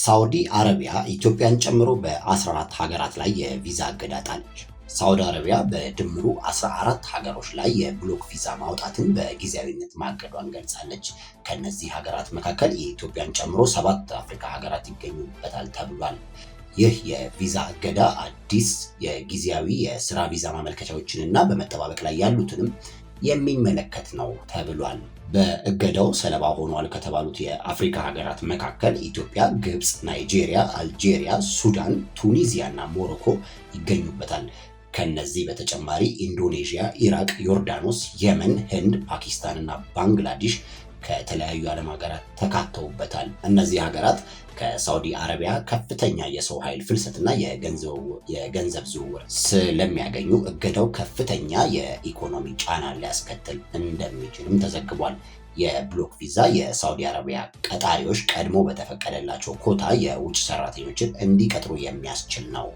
ሳውዲ አረቢያ ኢትዮጵያን ጨምሮ በ14 ሀገራት ላይ የቪዛ እገዳ ጣለች። ሳውዲ አረቢያ በድምሩ 14 ሀገሮች ላይ የብሎክ ቪዛ ማውጣትን በጊዜያዊነት ማገዷን ገልጻለች። ከእነዚህ ሀገራት መካከል የኢትዮጵያን ጨምሮ ሰባት አፍሪካ ሀገራት ይገኙበታል ተብሏል። ይህ የቪዛ እገዳ አዲስ የጊዜያዊ የስራ ቪዛ ማመልከቻዎችንና በመጠባበቅ ላይ ያሉትንም የሚመለከት ነው ተብሏል። በእገዳው ሰለባ ሆኗል ከተባሉት የአፍሪካ ሀገራት መካከል ኢትዮጵያ፣ ግብፅ፣ ናይጄሪያ፣ አልጄሪያ፣ ሱዳን፣ ቱኒዚያ እና ሞሮኮ ይገኙበታል። ከነዚህ በተጨማሪ ኢንዶኔዥያ፣ ኢራቅ፣ ዮርዳኖስ፣ የመን፣ ህንድ፣ ፓኪስታን እና ባንግላዴሽ ከተለያዩ ዓለም ሀገራት ተካተውበታል። እነዚህ ሀገራት ከሳውዲ አረቢያ ከፍተኛ የሰው ኃይል ፍልሰትና የገንዘብ ዝውውር ስለሚያገኙ እገዳው ከፍተኛ የኢኮኖሚ ጫና ሊያስከትል እንደሚችልም ተዘግቧል። የብሎክ ቪዛ የሳውዲ አረቢያ ቀጣሪዎች ቀድሞ በተፈቀደላቸው ኮታ የውጭ ሰራተኞችን እንዲቀጥሩ የሚያስችል ነው።